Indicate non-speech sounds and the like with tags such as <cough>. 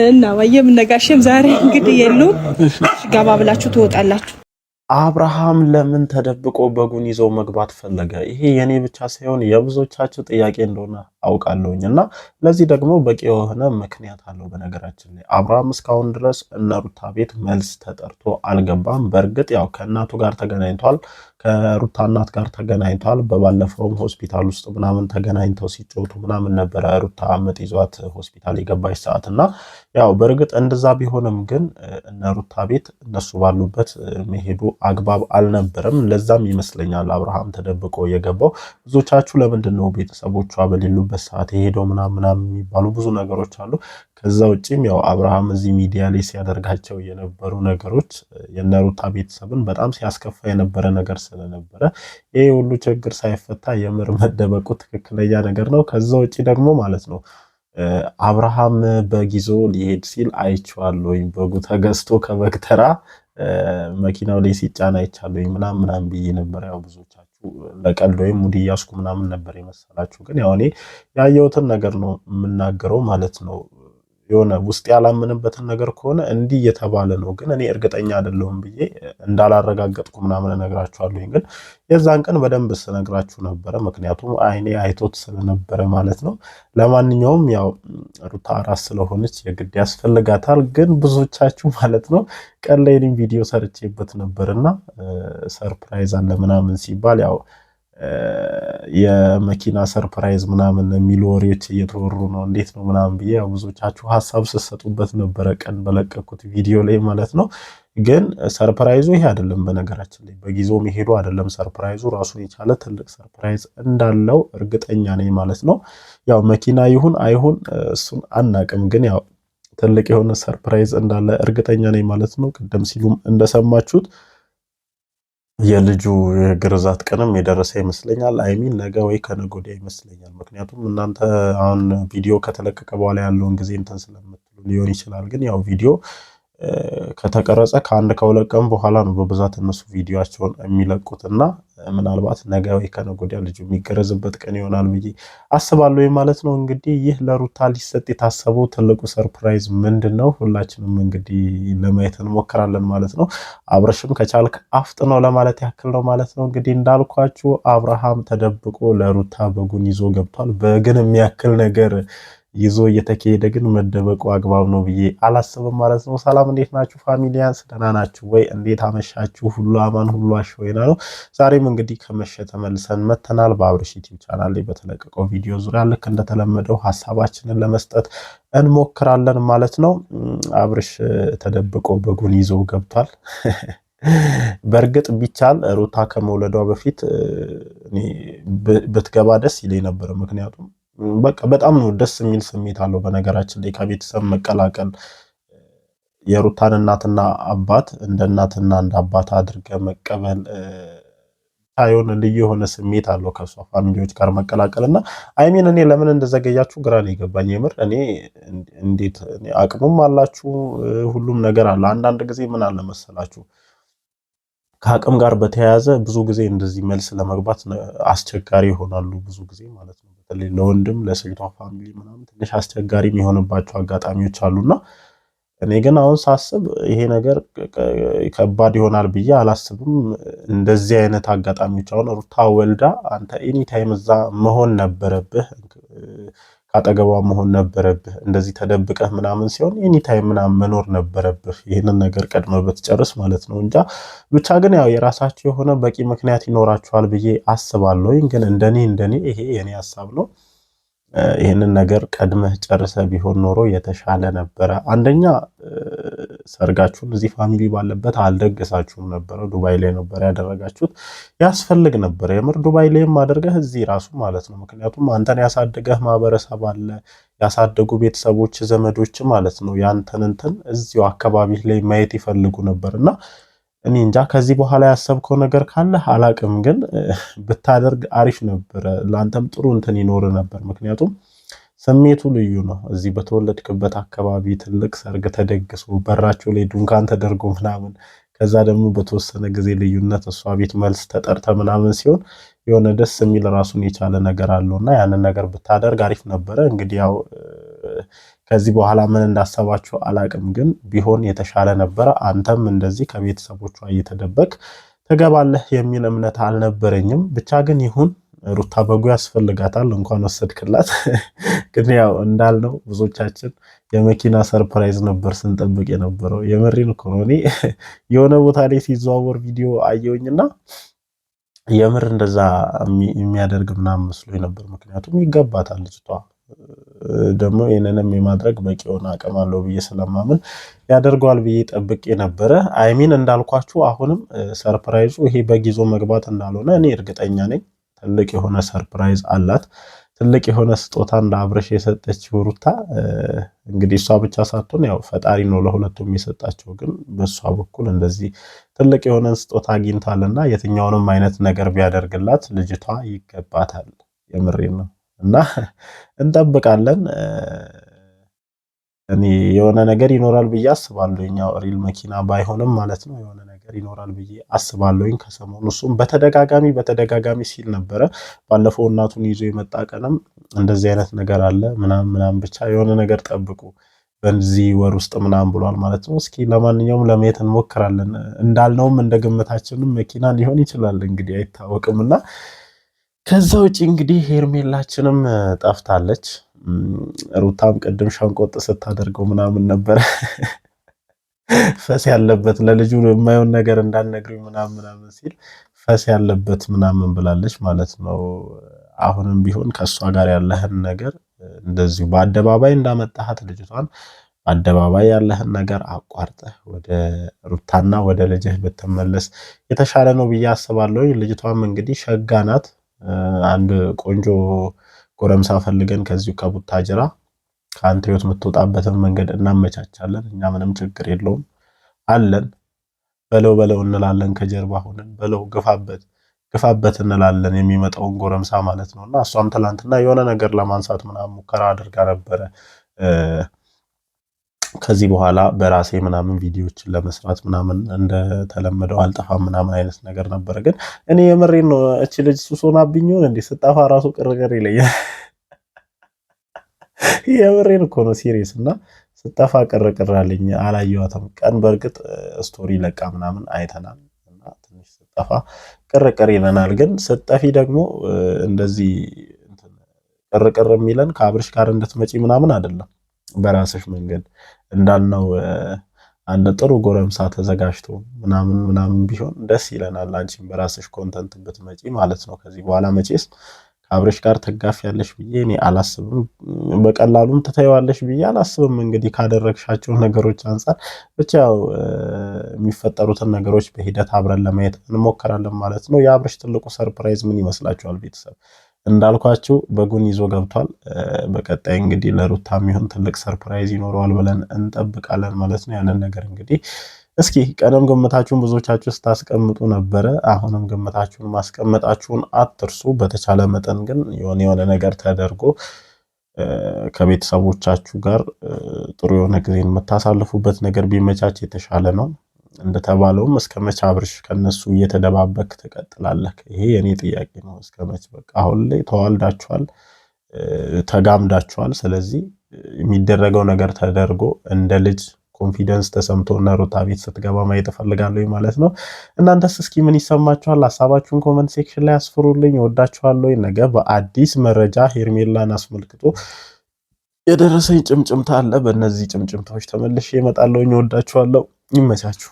እና ወየም ነጋሽም ዛሬ እንግዲህ የሉም። ገባ ብላችሁ ትወጣላችሁ። አብርሃም ለምን ተደብቆ በጉን ይዞ መግባት ፈለገ? ይሄ የኔ ብቻ ሳይሆን የብዙዎቻችሁ ጥያቄ እንደሆነ አውቃለሁኝ እና ለዚህ ደግሞ በቂ የሆነ ምክንያት አለው። በነገራችን ላይ አብርሃም እስካሁን ድረስ እነ ሩታ ቤት መልስ ተጠርቶ አልገባም። በእርግጥ ያው ከእናቱ ጋር ተገናኝቷል፣ ከሩታ እናት ጋር ተገናኝቷል። በባለፈውም ሆስፒታል ውስጥ ምናምን ተገናኝተው ሲጫወቱ ምናምን ነበረ ሩታ ምጥ ይዟት ሆስፒታል የገባች ሰዓት እና ያው በእርግጥ እንደዛ ቢሆንም ግን እነ ሩታ ቤት እነሱ ባሉበት መሄዱ አግባብ አልነበረም። ለዛም ይመስለኛል አብርሃም ተደብቆ የገባው። ብዙቻችሁ ለምንድን ነው ቤተሰቦቿ በሌሉ በሄደበት ሰዓት የሄደው ምናምን ምናምን የሚባሉ ብዙ ነገሮች አሉ። ከዛ ውጭም ያው አብርሃም እዚህ ሚዲያ ላይ ሲያደርጋቸው የነበሩ ነገሮች የነሩታ ቤተሰብን በጣም ሲያስከፋ የነበረ ነገር ስለነበረ ይሄ ሁሉ ችግር ሳይፈታ የምር መደበቁ ትክክለኛ ነገር ነው። ከዛ ውጭ ደግሞ ማለት ነው አብርሃም በጊዞ ሊሄድ ሲል አይቼዋለሁኝ። በጉ ተገዝቶ ከበግ ተራ መኪናው ላይ ሲጫን አይቻለሁኝ ምናምን ምናምን ብዬ ነበር ያው ብዙዎች ለቀልድ ወይም ሙድ እያስኩ ምናምን ነበር የመሰላችሁ። ግን ያው እኔ ያየሁትን ነገር ነው የምናገረው ማለት ነው። የሆነ ውስጥ ያላምንበትን ነገር ከሆነ እንዲህ እየተባለ ነው ግን እኔ እርግጠኛ አይደለሁም ብዬ እንዳላረጋገጥኩ ምናምን እነግራችኋለሁ። ግን የዛን ቀን በደንብ ስነግራችሁ ነበረ፣ ምክንያቱም አይኔ አይቶት ስለነበረ ማለት ነው። ለማንኛውም ያው ሩታ አራስ ስለሆነች የግድ ያስፈልጋታል። ግን ብዙቻችሁ ማለት ነው ቀን ላይ ቪዲዮ ሰርቼበት ነበርና ሰርፕራይዝ አለ ምናምን ሲባል ያው የመኪና ሰርፕራይዝ ምናምን የሚሉ ወሬዎች እየተወሩ ነው። እንዴት ነው ምናምን ብዬ ያው ብዙዎቻችሁ ሀሳብ ስትሰጡበት ነበረ ቀን በለቀኩት ቪዲዮ ላይ ማለት ነው። ግን ሰርፕራይዙ ይሄ አይደለም። በነገራችን ላይ በጊዜው መሄዱ አይደለም ሰርፕራይዙ። ራሱን የቻለ ትልቅ ሰርፕራይዝ እንዳለው እርግጠኛ ነኝ ማለት ነው። ያው መኪና ይሁን አይሁን እሱን አናቅም፣ ግን ያው ትልቅ የሆነ ሰርፕራይዝ እንዳለ እርግጠኛ ነኝ ማለት ነው። ቅድም ሲሉም እንደሰማችሁት የልጁ የግርዛት ቀንም የደረሰ ይመስለኛል። አይሚን ነገ ወይ ከነገ ወዲያ ይመስለኛል። ምክንያቱም እናንተ አሁን ቪዲዮ ከተለቀቀ በኋላ ያለውን ጊዜ እንትን ስለምትሉ ሊሆን ይችላል። ግን ያው ቪዲዮ ከተቀረጸ ከአንድ ከሁለት ቀን በኋላ ነው በብዛት እነሱ ቪዲዮቸውን የሚለቁት እና ምናልባት ነገ ወይ ከነገ ወዲያ ልጁ የሚገረዝበት ቀን ይሆናል ብዬ አስባለሁ ማለት ነው። እንግዲህ ይህ ለሩታ ሊሰጥ የታሰበው ትልቁ ሰርፕራይዝ ምንድን ነው? ሁላችንም እንግዲህ ለማየት እንሞክራለን ማለት ነው። አብረሽም ከቻልክ አፍጥ ነው ለማለት ያክል ነው ማለት ነው። እንግዲህ እንዳልኳችሁ አብርሃም ተደብቆ ለሩታ በጉን ይዞ ገብቷል። በግን የሚያክል ነገር ይዞ እየተካሄደ ግን መደበቁ አግባብ ነው ብዬ አላስብም ማለት ነው። ሰላም እንዴት ናችሁ ፋሚሊያንስ? ደህና ናችሁ ወይ? እንዴት አመሻችሁ? ሁሉ አማን ሁሉ አሸወይና ነው። ዛሬም እንግዲህ ከመሸ ተመልሰን መተናል። በአብርሽ ዩቲዩብ ቻናል ላይ በተለቀቀው ቪዲዮ ዙሪያ ልክ እንደተለመደው ሀሳባችንን ለመስጠት እንሞክራለን ማለት ነው። አብርሽ ተደብቆ በጉን ይዞ ገብቷል። በእርግጥ ቢቻል ሩታ ከመውለዷ በፊት ብትገባ ደስ ይለኝ ነበር ምክንያቱም በቃ በጣም ነው ደስ የሚል ስሜት አለው። በነገራችን ላይ ከቤተሰብ መቀላቀል የሩታን እናትና አባት እንደ እናትና እንደ አባት አድርገ መቀበል ሳይሆን ልዩ የሆነ ስሜት አለው ከሷ ፋሚሊዎች ጋር መቀላቀል እና አይሚን እኔ ለምን እንደዘገያችሁ ግራ ነው የገባኝ። የምር እኔ እንዴት አቅሙም አላችሁ ሁሉም ነገር አለ። አንዳንድ ጊዜ ምን አለ መሰላችሁ ከአቅም ጋር በተያያዘ ብዙ ጊዜ እንደዚህ መልስ ለመግባት አስቸጋሪ ይሆናሉ ብዙ ጊዜ ማለት ነው። በተለይ ለወንድም ለሴቷ ፋሚሊ ምናምን ትንሽ አስቸጋሪ የሚሆንባቸው አጋጣሚዎች አሉና እኔ ግን አሁን ሳስብ ይሄ ነገር ከባድ ይሆናል ብዬ አላስብም። እንደዚህ አይነት አጋጣሚዎች አሁን ሩታ ወልዳ አንተ ኤኒ ታይም እዛ መሆን ነበረብህ። ከአጠገቧ መሆን ነበረብህ። እንደዚህ ተደብቀህ ምናምን ሲሆን ኤኒታይም ምናምን መኖር ነበረብህ። ይህንን ነገር ቀድመ ብትጨርስ ማለት ነው። እንጃ ብቻ ግን ያው የራሳቸው የሆነ በቂ ምክንያት ይኖራቸዋል ብዬ አስባለሁ። ግን እንደኔ እንደኔ ይሄ የኔ ሀሳብ ነው። ይህንን ነገር ቀድመህ ጨርሰ ቢሆን ኖሮ የተሻለ ነበረ። አንደኛ ሰርጋችሁን እዚህ ፋሚሊ ባለበት አልደገሳችሁም ነበረ፣ ዱባይ ላይ ነበር ያደረጋችሁት። ያስፈልግ ነበረ የምር ዱባይ ላይም አድርገህ እዚህ ራሱ ማለት ነው። ምክንያቱም አንተን ያሳደገህ ማህበረሰብ አለ፣ ያሳደጉ ቤተሰቦች፣ ዘመዶች ማለት ነው። ያንተን እንትን እዚሁ አካባቢ ላይ ማየት ይፈልጉ ነበር እና እኔ እንጃ ከዚህ በኋላ ያሰብከው ነገር ካለ አላቅም፣ ግን ብታደርግ አሪፍ ነበረ። ለአንተም ጥሩ እንትን ይኖር ነበር ምክንያቱም ስሜቱ ልዩ ነው። እዚህ በተወለድክበት አካባቢ ትልቅ ሰርግ ተደግሶ በራቸው ላይ ዱንካን ተደርጎ ምናምን ከዛ ደግሞ በተወሰነ ጊዜ ልዩነት እሷ ቤት መልስ ተጠርተ ምናምን ሲሆን የሆነ ደስ የሚል ራሱን የቻለ ነገር እና ያንን ነገር ብታደርግ አሪፍ ነበረ። እንግዲህ ያው ከዚህ በኋላ ምን እንዳሰባችሁ አላቅም፣ ግን ቢሆን የተሻለ ነበረ። አንተም እንደዚህ ከቤተሰቦቿ እየተደበቅ ትገባለህ የሚል እምነት አልነበረኝም። ብቻ ግን ይሁን ሩታ በጉ ያስፈልጋታል። እንኳን ወሰድክላት። <laughs> ግን ያው እንዳልነው ብዙዎቻችን የመኪና ሰርፕራይዝ ነበር ስንጠብቅ የነበረው። የመሪን እኮ ነው። እኔ <laughs> የሆነ ቦታ ላይ ሲዘዋወር ቪዲዮ አየውኝና የምር እንደዛ የሚያደርግ ምናምን መስሎ ነበር። ምክንያቱም ይገባታል ልጅቷ ደግሞ ይህንንም የማድረግ በቂ የሆነ አቅም አለው ብዬ ስለማምን ያደርገዋል ብዬ ጠብቄ ነበረ። አይሚን እንዳልኳችሁ አሁንም ሰርፕራይዙ ይሄ በጊዞ መግባት እንዳልሆነ እኔ እርግጠኛ ነኝ። ትልቅ የሆነ ሰርፕራይዝ አላት። ትልቅ የሆነ ስጦታ እንደ አብረሽ የሰጠችው ሩታ እንግዲህ እሷ ብቻ ሳትሆን ያው ፈጣሪ ነው ለሁለቱም የሰጣቸው። ግን በእሷ በኩል እንደዚህ ትልቅ የሆነ ስጦታ እና የትኛውንም አይነት ነገር ቢያደርግላት ልጅቷ ይገባታል። የምሬን ነው እና እንጠብቃለን። እኔ የሆነ ነገር ይኖራል ብዬ አስባለሁ። ሪል መኪና ባይሆንም ማለት ነው የሆነ ነገር ነገር ይኖራል ብዬ አስባለሁኝ። ከሰሞኑ እሱም በተደጋጋሚ በተደጋጋሚ ሲል ነበረ። ባለፈው እናቱን ይዞ የመጣ ቀንም እንደዚህ አይነት ነገር አለ ምናምን ምናምን ብቻ የሆነ ነገር ጠብቁ በዚህ ወር ውስጥ ምናምን ብሏል ማለት ነው። እስኪ ለማንኛውም ለማየት እንሞክራለን። እንዳልነውም እንደ ግምታችንም መኪና ሊሆን ይችላል እንግዲህ አይታወቅም እና ከዛ ውጭ እንግዲህ ሄርሜላችንም ጠፍታለች። ሩታም ቅድም ሸንቆጥ ስታደርገው ምናምን ነበረ። ፈስ ያለበት ለልጁ የማየውን ነገር እንዳልነግሪው ምናምን ምናምን ሲል ፈስ ያለበት ምናምን ብላለች ማለት ነው። አሁንም ቢሆን ከእሷ ጋር ያለህን ነገር እንደዚሁ በአደባባይ እንዳመጣሃት ልጅቷን አደባባይ ያለህን ነገር አቋርጠህ ወደ ሩታና ወደ ልጅህ ብትመለስ የተሻለ ነው ብዬ አስባለሁኝ። ልጅቷም እንግዲህ ሸጋ ናት። አንድ ቆንጆ ጎረምሳ ፈልገን ከዚሁ ከቡታጅራ ከአንተ ህይወት የምትወጣበትን መንገድ እናመቻቻለን። እኛ ምንም ችግር የለውም አለን። በለው በለው እንላለን፣ ከጀርባ ሆነን በለው ግፋበት ግፋበት እንላለን። የሚመጣውን ጎረምሳ ማለት ነው። እና እሷም ትላንትና የሆነ ነገር ለማንሳት ምናምን ሙከራ አድርጋ ነበረ። ከዚህ በኋላ በራሴ ምናምን ቪዲዮዎችን ለመስራት ምናምን እንደተለመደው አልጠፋም ምናምን አይነት ነገር ነበረ። ግን እኔ የምሬን ነው። እች ልጅ ሱስ ይሆን እንዴ? ስጠፋ ራሱ ቅርቅር ይለያል። የብሬን እኮ ነው ሲሪየስ። እና ስጠፋ ቅርቅር አለኝ ቀን በእርግጥ ስቶሪ ለቃ ምናምን አይተናል። እና ትንሽ ስጠፋ ቅርቅር ይለናል። ግን ስጠፊ ደግሞ እንደዚህ ቅርቅር የሚለን ከአብርሽ ጋር እንድትመጪ ምናምን አይደለም። በራስሽ መንገድ እንዳልነው አንድ ጥሩ ጎረምሳ ተዘጋጅቶ ምናምን ምናምን ቢሆን ደስ ይለናል። አንቺም በራስሽ ኮንተንት ብትመጪ ማለት ነው ከዚህ በኋላ መቼስ ከአብረሽ ጋር ያለሽ ብዬ እኔ አላስብም። በቀላሉም ትተይዋለሽ ብዬ አላስብም። እንግዲህ ካደረግሻቸው ነገሮች አንጻር ብቻ ያው የሚፈጠሩትን ነገሮች በሂደት አብረን ለማየት እንሞከራለን ማለት ነው። የአብረሽ ትልቁ ሰርፕራይዝ ምን ይመስላችኋል ቤተሰብ? እንዳልኳችሁ በጉን ይዞ ገብቷል። በቀጣይ እንግዲህ ለሩታ የሚሆን ትልቅ ሰርፕራይዝ ይኖረዋል ብለን እንጠብቃለን ማለት ነው። ያንን ነገር እንግዲህ እስኪ ቀደም ግምታችሁን ብዙዎቻችሁ ስታስቀምጡ ነበረ። አሁንም ግምታችሁን ማስቀመጣችሁን አትርሱ። በተቻለ መጠን ግን የሆነ የሆነ ነገር ተደርጎ ከቤተሰቦቻችሁ ጋር ጥሩ የሆነ ጊዜ የምታሳልፉበት ነገር ቢመቻች የተሻለ ነው። እንደተባለውም እስከ መቼ አብርሽ ከነሱ እየተደባበክ ትቀጥላለህ? ይሄ የኔ ጥያቄ ነው። እስከ መቼ? በቃ አሁን ላይ ተዋልዳችኋል፣ ተጋምዳችኋል። ስለዚህ የሚደረገው ነገር ተደርጎ እንደ ልጅ ኮንፊደንስ ተሰምቶ እና ሩታ ቤት ስትገባ ማየት እፈልጋለሁ ማለት ነው። እናንተስ እስኪ ምን ይሰማችኋል? ሀሳባችሁን ኮመንት ሴክሽን ላይ አስፍሩልኝ። ወዳችኋለሁ። ነገ በአዲስ መረጃ ሄርሜላን አስመልክቶ የደረሰኝ ጭምጭምታ አለ። በእነዚህ ጭምጭምታዎች ተመልሼ እመጣለሁ። ወዳችኋለሁ። ይመቻችሁ።